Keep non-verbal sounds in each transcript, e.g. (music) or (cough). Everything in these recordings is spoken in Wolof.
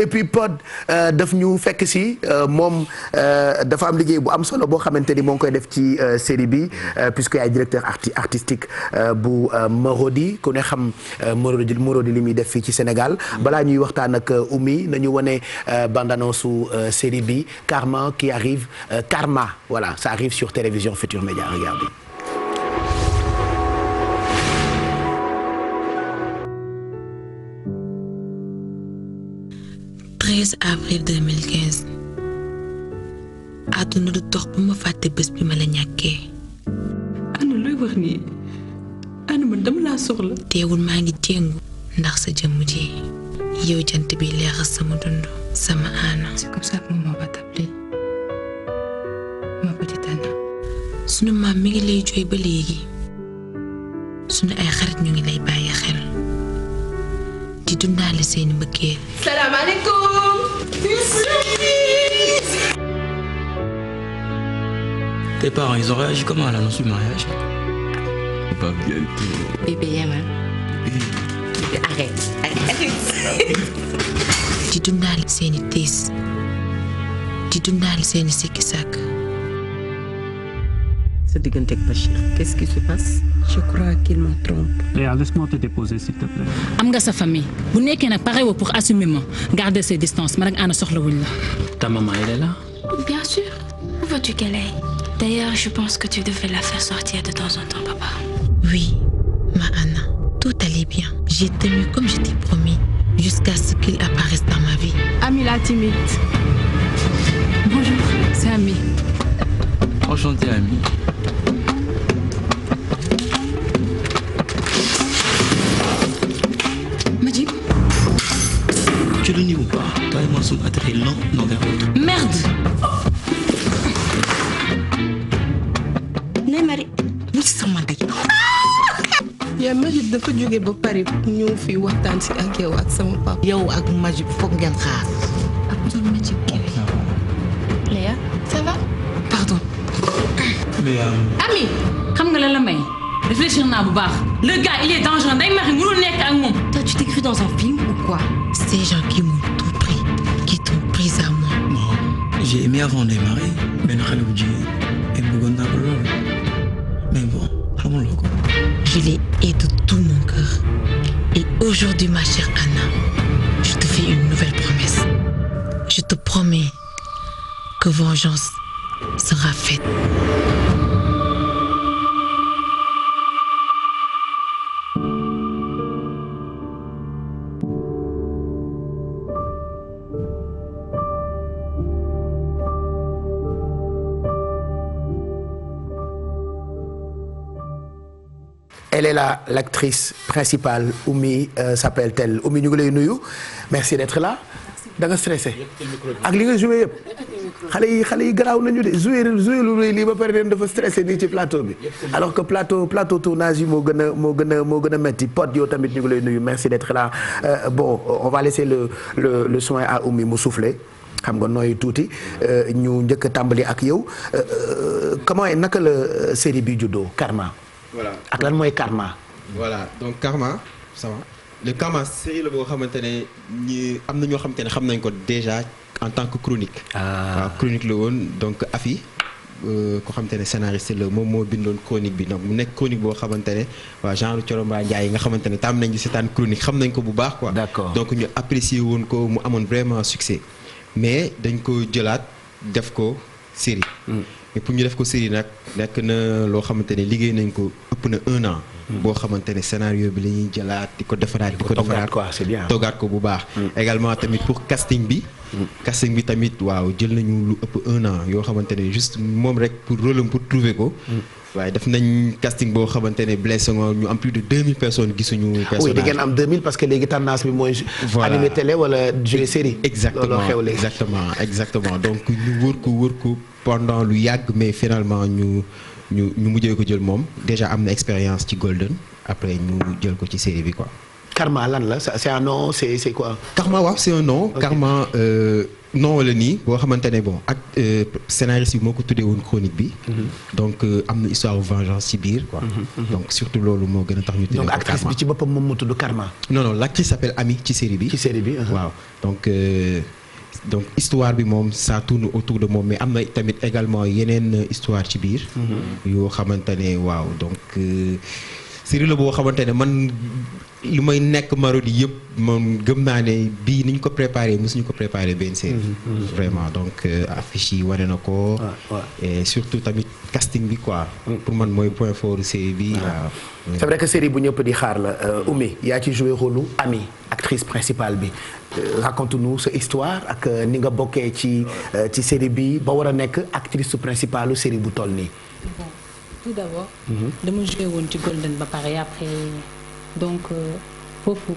et puis pod euh, daf ñu fekk si euh, moom euh, dafa am liggéey bu am solo boo xamante ni moo ngi koy def ci série bi puisque yaay directeur arti artistique bu Marodi ku ne xam Marodi Marodi li muy def fii ci Sénégal balaa ñuy waxtaan ak Oumy nañu wane bande annonce su série bi Karma qui arrive Karma voilà ça arrive sur télévision Futur Média regardez 13 avril 2015 àdduna du dox bu ma fàtte bés bi ma la ñàkkee. ana looy wax nii ana man dama laa soxla. teewul maa ngi jéngu ndax sa jëmm ji yow jant bi leexal sama dund sama aana. c'est comme ma maam mi ngi lay jooy ba léegi sunu ay xarit ñu ngi lay bàyyi. dundaale seeni mbëggeel. salaamaaleykum. Tes parents, ils ont réagi comment à l'annonce du mariage Pas bien tout. Bébé Yaman. Bébé, arrête. Arrête. di dundaal seeni tiis di dundaal seeni sikki sa diggante ak Bachir. qu'est-ce qui se passe. je crois qu'il me trompe. Léa, laisse-moi te déposer s'il te plaît. am nga sa famille bu nekkee nag pare woo pour assumer ma garder ses distances man ak Anna soxlawuñ la. ta maman elle est là. bien sûr. où veux-tu qu'elle aille. d'ailleurs je pense que tu devrais la faire sortir de temps en temps papa. oui ma Anna tout allait bien. j'ai tenu comme je t'ai promis jusqu'à ce qu'il apparaisse dans ma vie. Ami la timide. bonjour c'est Ami. Enchantée Ami. som ett piller noe hod. Merd! ne mari li sama ndey ah! yaa Majib dafa jóge ba Paris ñëw fii waxtaan si ak yow ak sama papa. yow ak Majib foog ngeen xaar. ak doon Majib Kébé. Ah. Léa ça va. pardon. Léa. Euh, Ami xam nga lan la may. réfléchir naa bu baax. le gars il est dangereux nday maxi mënul nekk ak moom. toi tu t'es cru dans un film ou quoi. c'est nii avant bu jigéen et bëggoon naa de tout mon cœur et aujourd'hui ma chère Anna je te fais une nouvelle promesse je te promets que vengeance sera faite. là l'actrice principale Oumy euh, s'appelle-t-elle Oumy ñu ngi lay nuyu merci d'être là da nga stressé ak li nga joué yëpp xale yi xale yi garaaw nañu de joué joué lu rëy lii ba pare dafa stressé nii ci plateau bi alors que plateau plateau tournage yi moo gën a moo gën a moo gën a metti Pod yow tamit ñu ngi lay nuyu merci d'être là euh, bon on va laisser le le le soin à Oumy mu souffler. xam nga nooy tuuti euh, ñu njëkk a tàmbali ak yow euh, euh, comment naka la série bi juddoo Karma. voilà ak lan mooy karma. voilà donc karma ça va le karma série la boo xamante ne ñi am na ñoo xamante ne xam nañ ko déjà en tant que chronique. Ah. waaw chronique la woon donc afi euh, ko xamante ne scénariste la moom moo bindoon chronique bi donc mu nekk chronique boo xamante ne waa genre Colomba Ndiaye yi nga xamante ne am nañ di seetaan chronique xam nañ ko bu baax quoi. d'accord donc ñu apprécier woon ko mu amoon vraiment succès mais dañ ko jëlaat def ko série. Mm. mais pour def ko série nag nekk na loo xamante ne liggéey nañ ko ëpp na un an. Mm. boo xamante ne scénario bi la ñuy jëlaat di ko defaraat di ko defaraat quoi c'est bien toggaat ko bu baax mm. également tamit pour casting bi mm. casting bi tamit waaw jël nañu lu ëpp un an yoo xamante ne juste moom rek pour rôle pour trouver ko waaye def nañ casting boo xamante ne blessé nga ñu am plus de 2000 personnes gisuñu. Ah personnage oui da ngeen am 2000 parce que léegi tendance bi mooy. animé télé wala jeu série. exactement exactement donc ñu wër ko wër ko pendant lu yàgg mais finalement ñu ñu ñu mujjee ko jël moom déjà am na expérience ci Golden après ñu jël ko ci série bi quoi. Karma lan la c'est un nom c'est c'est quoi. non wala nii boo xamante ne bon ak euh, scénariste bi moo ko tuddee woon chronique bi. Mm-hmm. donc euh, am na histoire vengeance ci biir mm-hmm, mm-hmm. donc surtout loolu moo gën a tax ñu. tuddee donc actrice bi ci boppam moom moo tudd non non l'actrice s'appelle Ami ci série bi. ci série bi uh-huh. waaw donc. Euh, donc histoire bi moom ça tourne autour de moom mais am na tamit également yeneen histoire ci biir. yoo xamante ne waaw donc. série la boo xamante ne man lu may nekk Marodi yëpp man gëm naa ne bii ni ñu ko préparé mosuñu ko préparé benn série. Mhm, mhm. vraiment donc euh, affiche yi wane na ko. Ah, et surtout tamit casting bi quoi. Mm. pour man mooy point fort série bi. Ah. waaw c'est vrai que série bu ñëpp di xaar la euh, Oumy yaa ci joué rôle Ami actrice principale bi. Euh, raconte-nous sa histoire ak ni nga bokkee ci ci série bi ba war a nekk actrice principale série bu toll nii. tout d'abord mhm. dama joué woon ci Golden ba pare après donc euh, foofu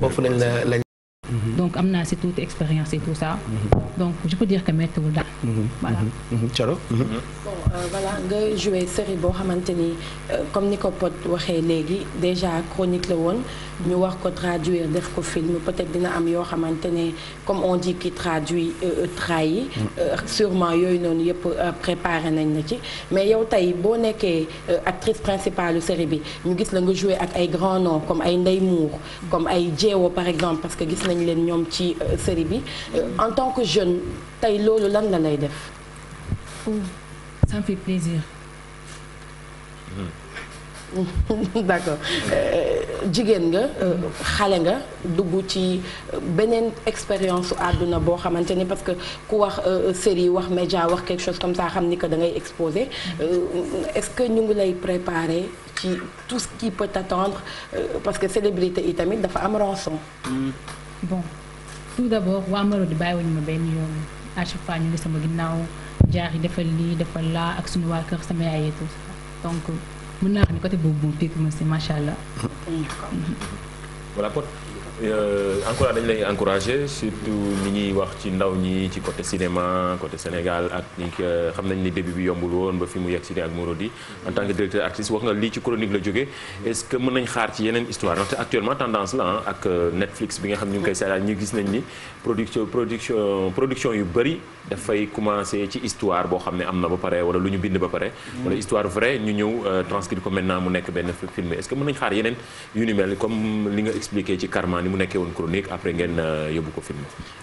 foofu lañ la Mm-hmm. donc am naa si toute expérience et tout ça. Mm-hmm. donc je peux dire que méttiwul daal. Mm-hmm. voilà. Thioro. Euh, nga joué série boo xamante ni euh, comme ni ko Pod waxee léegi déjà chronique la woon ñu wax ko traduire def ko film peut-être dina am yoo xamante ne comme on dit qui traduit yi euh, sûrement yooyu noonu yëpp préparer nañ la ci mais yow tey boo nekkee actrice principale série bi ñu gis la nga joué ak ay grands noms comme ay Ndeye Mour comme ay Diewo par exemple parce que gis leen ñoom ci euh, série bi euh, en tant que jeune tey loolu lan la lay def. ça me fait plaisir. Hmm. (laughs) d'accord euh, jigéen nga xale nga dugg ci beneen expérience su àdduna boo xamante ni parce que ku wax série wax média wax quelque chose comme ça xam ni que da ngay exposé est-ce que ñu ngi lay préparer ci tout ce qui peut t'attendre parce que célébrité yi tamit dafa am rançon. Hmm. bon tout d'abord waa Marodi bàyyiwuñu ma benn yoon à chaque fois ñu ngi sama ginnaaw jaar yi defal lii defal laa ak suñu waa kër sama yaay tout donc mun naa xam ne côté boobu moom fekk ma si macha allah. Euh, encore dañu lay encouragé surtout li ñuy wax ci ndaw ñi ci côté cinéma côté Sénégal ak ni euh, xam nañ ni début bi yombul woon ba fi mu yegg si ak Morodi en tant que directeur artiste wax nga lii ci chronique la jógee est-ce que mën nañ xaar ci yeneen histoire ndaxte actuellement tendance la ak euh, Netflix bi nga yu boo xam ne am na ba pare lu ñu bind ba pare wala histoire vraie ñu benn film est-ce que ni mel comme li nga expliqué ci Karma ni mu nekkee woon chronique après ngeen euh, yóbbu ko film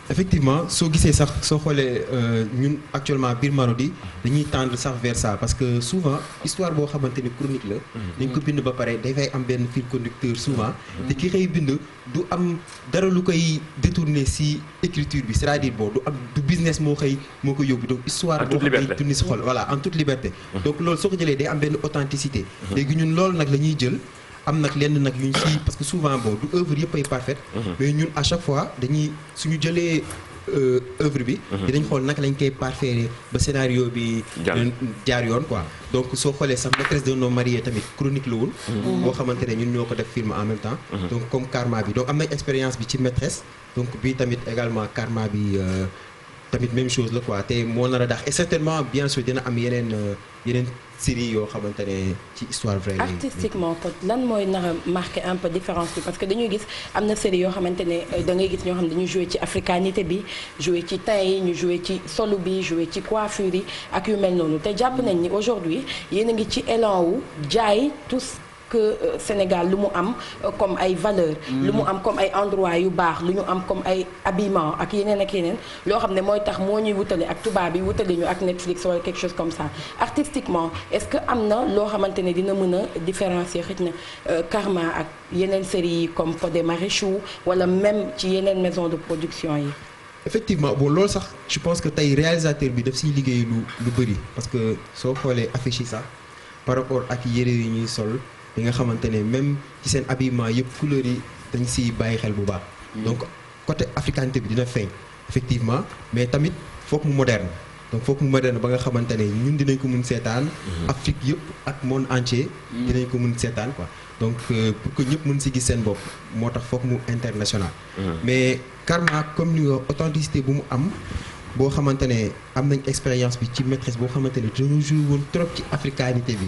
effectivement soo gisee sax soo xoolee euh, ñun actuellement biir Marodi dañuy tendre sax vers ça parce que souvent histoire boo xamante ne chronique la mhm. dañ ko bind ba pare dafay am benn fil conducteur souvent mhm. te ki xëy bind du am dara lu koy détourner si écriture bi c'est-à-dire bon du am business moo xëy moo ko yóbbu donc histoire boo xam ne tourner si xol voilà en toute liberté mhm. donc loolu soo ko jëlee day am benn authenticité léegi ñun loolu nag la ñuy jël am nag lenn nag yu ñu si parce que souvent bon du œuvre yëpp ay parfaite mhm. mais ñun à chaque fois dañuy suñu jëlee euh, œuvre bi mhm. dinañ xool naka lañ koy parfaire ba scénario bi euh, jaar yoon quoi donc soo xoolee sax maîtresse d'un homme marié tamit chronique la woon mhm. boo xamante ne ñun ñoo ko def film en même temps donc comme karma bi donc am nañ expérience bi ci maîtresse donc bii tamit également karma bi euh, tamit même chose la quoi te moo nar a dax et certainement bien sûr dina am yeneen euh, yeneen série yoo xamante ne ci histoire vraie artistiquement Pod lan mooy nar a marqué un peu différence bi parce que dañuy gis am na série yoo xamante ne euh, da ngay gis ñoo xam ne dañuy joué ci africanité bi joue ci teint yi ñu joué ci solu bi joué ci coiffure yi ak yu mel noonu te jàpp nañ ni aujourd'hui yéen a ngi ci élan wu jaay tous que euh, Sénégal lu mu am euh, comme ay valeur lu mu mhm. am comme ay endroit yu baax lu ñu am comme ay habillement ak yeneen ak yeneen loo xam ne mooy tax moo ñuy wutale ak tubaab bi wutale ñu ak Netflix wala quelque chose comme ça artistiquement est-ce que am na loo xamante ne dina mën a différencier xëj na euh, Karma ak yeneen séries yi comme Pod Marichou wala même ci yeneen maison de production yi effectivement bon loolu sax je pense que tey réalisateur bi daf siy liggéey lu lu parce que soo xoolee affiche yi sax par sol li nga xamante ne même ci seen habillement yëpp couleur yi dañ siy bàyyi xel bu baax. Hmm. donc côté africanité bi dina feeñ effectivement mais tamit foog mu moderne donc foog mu moderne ba nga xamante ne ñun dinañ ko mun seetaan. Hmm. Afrique yëpp ak monde entier. Hmm. dinañ ko mun seetaan quoi donc euh, pour que ñëpp mun si gis seen bopp moo tax foog mu international. mais Karma comme li nga authenticité bu mu am. boo xamante ne am nañ expérience bi ci maîtresse boo xamante ne dañoo joué woon ci africanité bi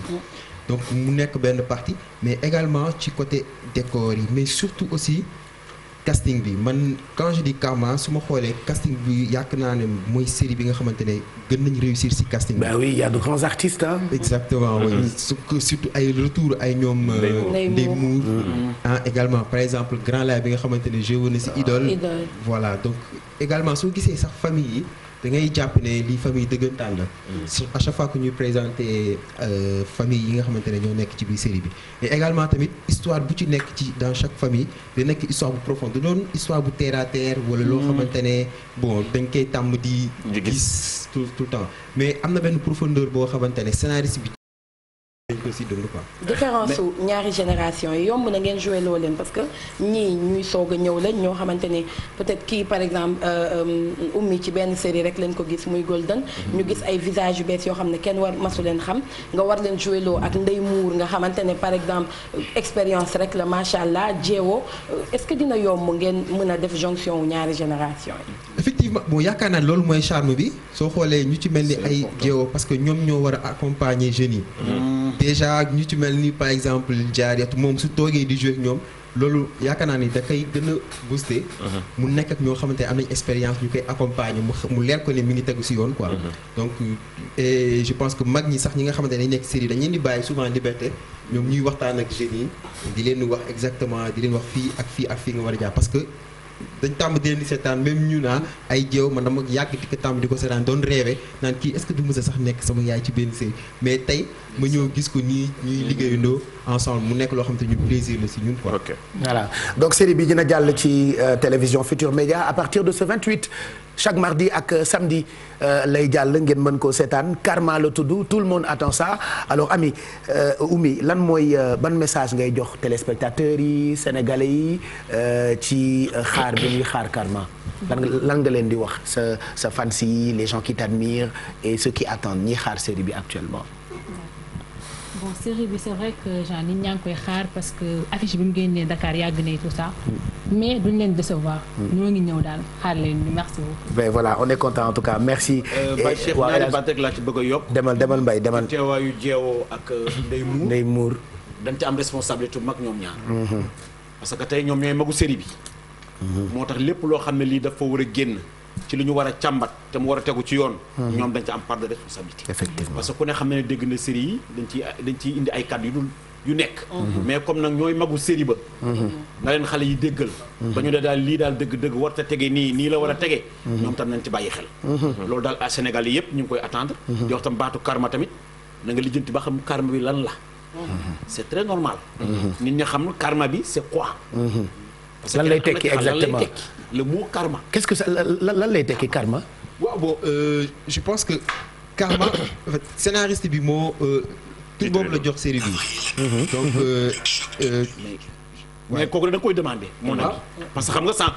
donc mu nekk benn partie mais également ci côté décor yi mais surtout aussi casting bi man quand je dis karma su ma xoolee casting bi yàq naa ne mooy série bi nga xamante ne gën nañu réussir si casting bi. bah oui y a de grands artistes exactement mm-hmm. surtout ay retour ay ñoom. Euh, Ndeye Mour mm-hmm. ah également par exemple Grand Laye bi nga xamante ne joué na si ah, Idole. voilà donc également soo gisee sax famille yi. da ngay jàpp ne lii famille dëggantaan la. Mm. à chaque fois que ñuy présenter euh, famille yi nga xamante ne ñoo nekk ci biir série bi. et également tamit histoire bu ci nekk ci dans chaque famille da nekk histoire bu profonde da doon histoire bu terre à terre. wala loo mm. xamante ne bon dañ koy tàmm di. gis tout tout le temps mais am na benn profondeur boo xamante ne scénariste bi. ko si dund quoi. différence su ñaari génération yi yomb na ngeen joué leen parce que ñii ñuy soog a ñëw lañ ñoo xamante ne peut-être kii par exemple euh, euh, ummi ci benn série rek lañ ko gis muy Golden. Mhm. ñu gis ay visage yu bees yoo xam ne kenn war masu leen xam nga war leen joué ak ndey muur nga xamante ne par exemple expérience rek la macha allah jeewoo euh, est-ce que dina yomb ngeen mën a def jonction wu ñaari génération yi. effectivement bon yaakaar naa loolu mooy charme bi soo ñu ci mel ni ay jeewoo parce que ñoom ñoo war a accompagner jeunes yi. Mhm. déjà ñu ci mel ni par exemple Diarratou moom su toogee di jouer ñoom loolu yaakaar naa ni da koy gën a booster. Uh-huh. mu nekk ak ñoo xamante am nañ expérience ñu koy accompagner mu mu leer ko ne mi ngi tegu si yoon quoi. Uh-huh. donc et je pense que mag ñi sax ñi nga xamante ne nekk série dañ leen di bàyyi souvent liberté ñoom ñuy waxtaan ak jeunes di leen wax exactement di leen wax fii ak fii ak fii nga war a jaar parce que. dañ tàmm dellu leen di seetaan même ñu naa ay jéew man dama yàgg di tàmm di ko seetaan doon réewe naan kii est-ce que du mës a sax nekk sama yaay ci benn sëy mais tey ma ñëw gis ko nii ñuy liggéeyandoo ensemble mu nekk loo xam te ñu plaisir la si ñun quoi. ok voilà donc série bi dina jàll ci euh, télévision Futur Média à partir de ce 28 chaque mardi ak samedi euh, lay jàll ngeen mën koo seetaan Karma la tudd tout le monde attend sa alors ami euh, Oumy lan mooy ban message ngay jox téléspectateurs yi sénégalais yi ci xaar bi ñuy xaar Karma. lan lan nga leen di wax sa sa fans yi les gens qui t'admirent et ceux qui attendent ñiy xaar série bi actuellement. bon série bi c' est vrai que genre nit ñaa ngi koy xaar parce que affiche bi mu génnee Dakar yàgg na tout ça mm. mais duñ leen décevoir. Mm. ñoo ngi ñëw daal xaar leen merci beaucoup. mais voilà on est content en tout cas merci. Euh, Baye laa ci bëgg a yokk. demal demal Mbaye demal teewaayu jeewoo ak euh, Ndeye Mour dañ ci am responsabilité bu mag ñoom ñaar. Mm-hmm. parce que tey ñoom ñooy magu série bi. Mm-hmm. moo tax lépp loo xam ne lii dafa war a génn. ci li ñu war a càmbat te mu war a tegu ci yoon. Hmm. ñoom dañ ci am part de responsabilité. parce que ku ne xam ne dégg na série yi dañ ciy indi ay kàddu yu nekk. Hmm. mais comme nag ñooy magu série ba. Hmm. na leen xale yi déggal. ba ñu ne daal lii daal dëgg-dëgg warta tege nii nii la war a tege. ñoom tam nañ ci bàyyi xel. loolu daal à Sénégal yi ñu ngi koy attendre. di wax tam baatu karma tamit na nga lijjanti ba xam karma bi lan la. c'est très normal. nit ñi xam karma bi c'est quoi. parce que le mot karma. qu'est-ce que ça lan lay tekki karma. waaw bon euh, je pense que karma en fait bi moo tur boobu la jox série bi. donc. Euh, euh, mais kooku da nga koy demandé. moo nekk ah. parce que xam nga sànq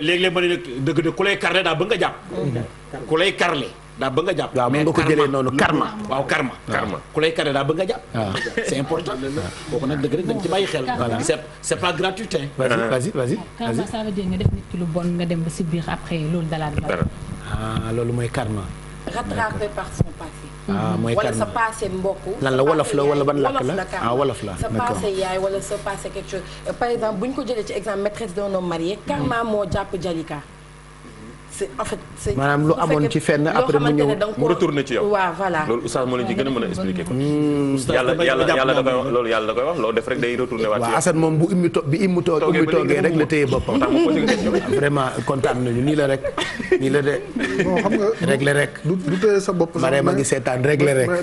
léeg-léeg ma ne dëgg de ku lay karle daal ba nga jàpp. Mhm. ku lay karle. daal bëgg nga jàpp. waaw mën nga ko jëlee noonu karma waaw karma karma ku lay kare daa bëgg nga ah. jàpp. c'est important. Ah. kooku nag dëgg rek dañ ci bàyyi xel. voilà c'est c'est pas gratuit. vas-y ah. vas nit ki lu bon nga dem ba si biir après loolu dalaat la. ah loolu mooy karma. rattrapé par mm-hmm. mooy karma wala sa passé mbokk. lan la wolof la wala ban làkk la ah wolof la sa passé yaay wala sa passé quelque chose par exemple bu ñu ko jëlee ci exemple maîtresse d'un homme marié. karma moo jàpp Jalika. c'est en fait c'est maanaam lu amoon ci fenn après mu ñëw mu retourné ci yow waaw a mën a expliquer hmm. ko da koy wax loolu da koy wax loo def rek day retourné waat waaw Assane moom ma ngi seetaan réglé rek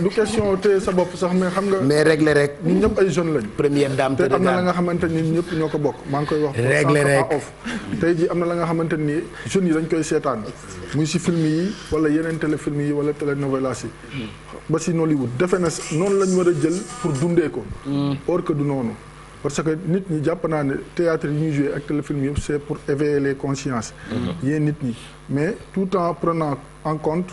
lañ koy wax seetaan muy si film yi wala yeneen téléfilm yi wala télénovelas yi ba si Nollywood defe na noonu la ñu war a jël pour dundee ko hmm. or que du noonu parce que nit ñi jàpp naa ne théâtre yi ñuy joué ak téléfilm yëpp c'est pour éveiller les consciences hmm. yéen nit ñi mais tout en prenant en compte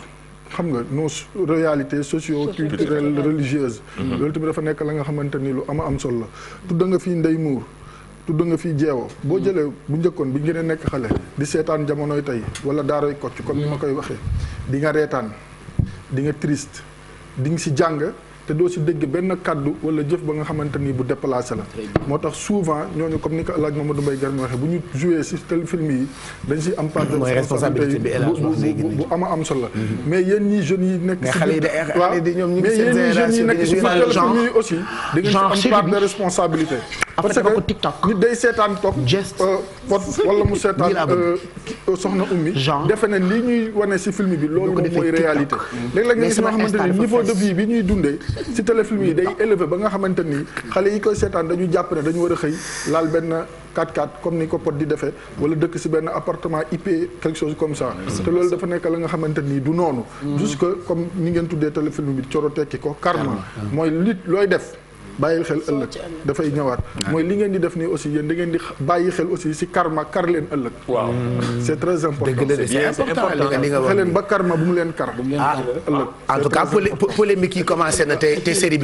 xam nga nos réalités socio culturelles religieuses hmm. loolu tamit dafa nekk la nga xamante ni lu ama am solo la tudd nga fii ndey muur tudd nga fii jeewoo boo jëlee bu njëkkoon bi ngeen a nekk xale di seetaan jamonoy tey wala daaray kocc comme ni ma koy waxee di nga reetaan di nga triste di ci si jàng te doo si dégg benn kàddu wala jëf ba nga xamante ni bu déplacé la moo tax souvent ñooñu comme ni ko El Hadj Mamadou Mbaye Garmi waxee bu ñu joué si tel film yi dañ si am part de responsabilité bu ama am solo la mm-hmm. mais yéen ñi jeunes yi nekk si waaw mais yéen ñi jeunes yi nekk si film yi di ngeen si am part parce que ko TikTok nit day seetaan toog. geste euh, wala mu seetaan. Euh, euh, soxna ummi. genre defe na li ñuy wane si film bi. loolu mooy réalité. Mm. léeg-léeg nga gis nga xamante ni niveau de vie bi ñuy dundee si téléfilm yi day élevé ba nga xamante ni xale yi koy seetaan dañu jàpp ne dañu war a xëy laal benn. 4-4 comme ni ko pot di defee wala dëkk si benn appartement IP quelque chose comme ça mm. te loolu dafa nekk la nga xamante nii du noonu mm. jusque comme ni ngeen tuddee téléfilm bi coro tekki ko karma mooy lit looy def bàyyil xel ëllëg dafay ñëwaat mooy li ngeen di def nii aussi yéen da ngeen di bàyyi xel aussi si karma kar leen ëllëg waaw (laughs) c'est très important bu mu leen kar ah, ëllëg en tout cas yi commencé na te te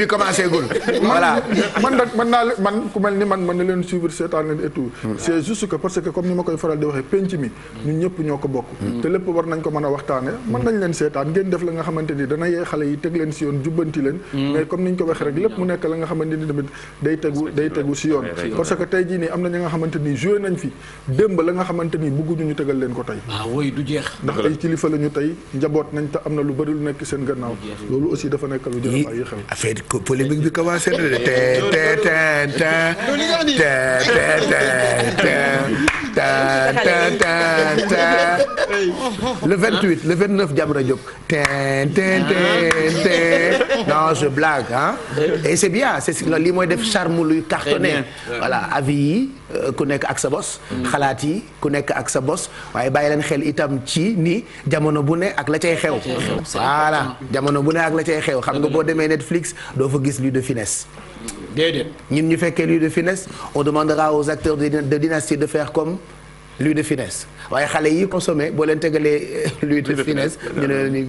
bi commencé gul man nag man man ku mel ni man mën na leen suivre seetaan leen hmm. c'est juste que parce que comme ni ma koy faral di waxee penc mi ñun ñëpp ñoo ko bokk hmm. te lépp war nañ ko mën a waxtaane mën nañ leen seetaan ngeen def la nga xamante ni dana yee xale yi teg leen si yoon jubbanti leen mm. mais comme ni ñu ko waxee rek lépp mu nekk la nga xamante ni tamit day tegu day si yoon parce que tey jii nii am na ñi nga xamante ni joué nañ fi démb la nga xamante ni bugguñu ñu tegal leen ko tey ah, waaw jeex ndax ay kilifa la ñu tey njaboot nañ te am na lu bëri lu nekk seen gannaaw loolu aussi dafa nekk lu jël bàyyi xel te te te te le ta ta le 28 le 29 Jamra Diop. ten ten ten ten non je blague ah. et c'est bien c'est lii mooy def charme luy cartonné. voilà avis yi euh, ku nekk ak sa bos. xalaat yi ku nekk ak sa bos waaye bàyyi leen xel itam ci ni jamono bu ne ak la cay xew. voilà jamono bu ne ak la cay xew xam nga boo demee Netflix doo fa gis lu de finesse. déedéet ñun ñu fekkee Louis de Funès on demandera aux acteurs de de dynastie de faire comme Louis de Funès waaye xale yi consommé boo leen tegalee (laughs) Louis de Funès ñu euh,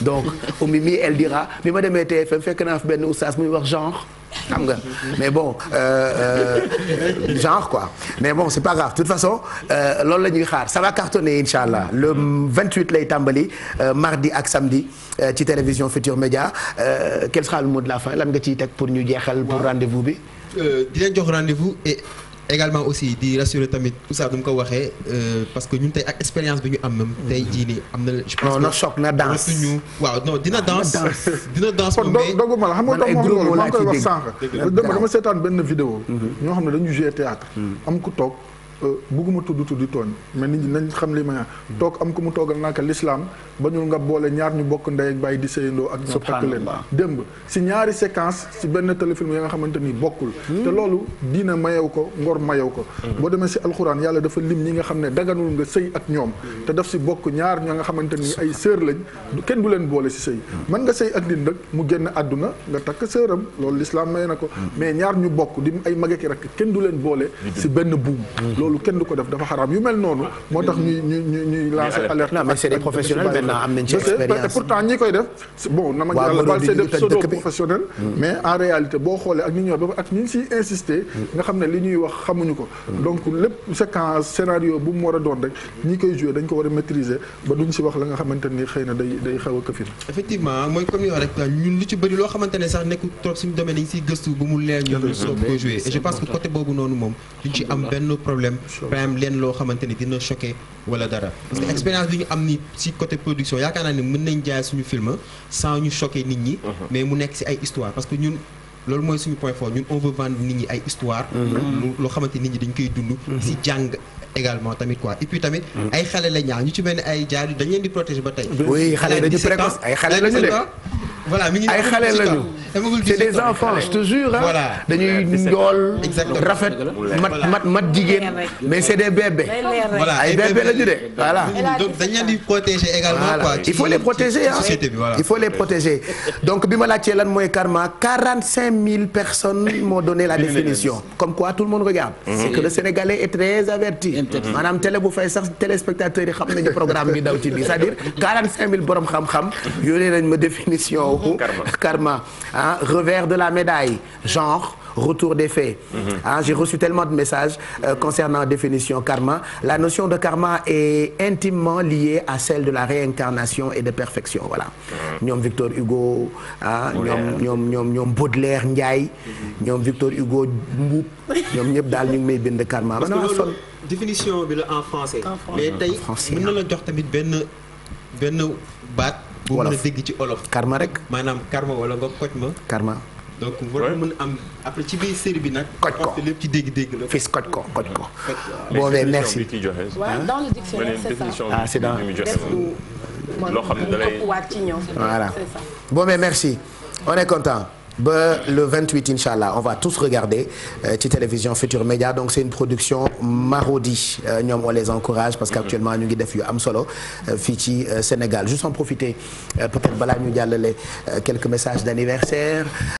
donc Oumy mi elle dira bi ma demee TFM fekk naa fi benn oustaz muy wax genre. xam nga mais bon euh, euh, genre quoi mais bon c'est pas grave toute façon euh, loolu la ñuy xaar ça va cartonner incha allah le 28 lay tàmbali euh, mardi ak samedi euh, ci télévision Futur Média quel sera le mot de la fin lan nga ciy teg pour ñu jeexal pour rendez-vous bi. dinañ jox également aussi di rassurer tamit Oustaz nu mu ko waxee euh, parce que ñu tey ak expérience bi ñu am même tey mhm. jii nii am na je pense non na choc na danse ñu waaw non dina ah, danse dina danse kon dogguma la xam nga doom moom loolu maa ngi koy wax sànq dama seetaan benn vidéo mhm. ñoo xam ne dañu joué théâtre mhm. am ku toog bugguma tudd tudd tooñ mais nit ñi nañ xam li ma toog am ko mu toogal naka l'islam ba ñu nga boole ñaar ñu bokk ndey ak bàyyi di séyandoo ak ñoo takk leen démb si ñaari séquence si benn téléfilm ya nga xamante ni bokkul hmm. te loolu diina mayew ko ngor mayew ko hmm. boo demee si alxuraan yàlla dafa lim ñi nga xam ne daganul nga sëy ak ñoom hmm. te daf si bokk ñaar ña nga xamante ni ay sœur lañ kenn du leen boole si sëy mën nga sëy ak nit mu génn àdduna nga takk sëram loolu l'islam may na ko mais ñaar ñu bokk di ay mag ak rakk kenn du leen boole si benn buum loolu loolu kenn du ko def dafa xaraam yu mel noonu. moo tax ñuy ñuy ñuy ñuy mais en réalité boo xoolee ak ñu wax ak ñu nga xam ne li ñuy wax xamuñu ko. Mm. donc lépp séquence scénario bu mu war a doon rek ñi koy jouer dañ ko war a maîtriser ba duñ si wax la nga xamante ni xëy na day xew a këfin. effectivement mooy comme yow rek ñun lu ci bëri loo xamante sax nekkul trop suñu domaine dañ siy gëstu ba mu leer ñun soog ko jouer et je pense que dem am leen loo xamante ni dina choqué wala dara parce mm-hmm. expérience bi ñu am ni si côté production yaakaar naa ne mën nañ jaay suñu film sans ñu choqué nit ñi mm-hmm. mais mu nekk si ay histoire parce ñun loolu mooy suñu point fort ñun on veut nit ñi ay histoire mm-hmm. loo xamante nit ñi dañ koy dund si jàng également tamit quoi et tamit ay xale la ñaa ah, ñu ci mel ay jaar dañ leen di protéger ba tey oui xale lañu de voilà mi ay xale lañu c'est des enfants je te jure ah. dañuy njool. rafet mat mat mat jigéen. mais c'est des bébés. voilà ay bébé lañu de voilà. donc dañu leen di protéger également quoi. il faut les protéger ah il faut les protéger donc bi ma laajtee lan mooy karma 45000 personnes m'ont donné la définition comme quoi tout le monde regarde. Mmh. c'est que le sénégalais est très averti. maanaam télé bu fay sax téléspectateurs yi xam nañu programme bi daw ci biir c'est-à-dire 45000 borom xam-xam yónnee nañ ma définition. kooku karma ah revers de la médaille genre retour des faits ah j'ai reçu tellement de message euh, concernant la définition karma la notion de karma est intimement liée à celle de la réincarnation et de perfection voilà mhm. ñoom Victor Hugo ah ñoom ñoom ñoom ñoom Baudelaire Ndiaye mhm. ñoom Victor Hugo Mboup ñoom ñëpp daal ñu ngi may bind karma définition bi la en français mais tey mën na la jox tamit benn benn baat wolof a dégg ci olof. karma rek maanaam karma wala nga koj ma. karma. donc war am ci biir série bi nag. koj ko lépp ci dégg-dégg la. fis koj ko koj ko. boobee merci waaw dans ah c'est dans loo xam ne da lay voilà boobee merci on est ba le 28 incha allah on va tous regarder euh, ci télévision Futur Média donc c'est une production Marodi euh, ñoom on les parce que actuellement ñu ngi def yu am solo euh, fii ci Sénégal juste en peut-être balaa ñu jàllale quelques messages d'anniversaire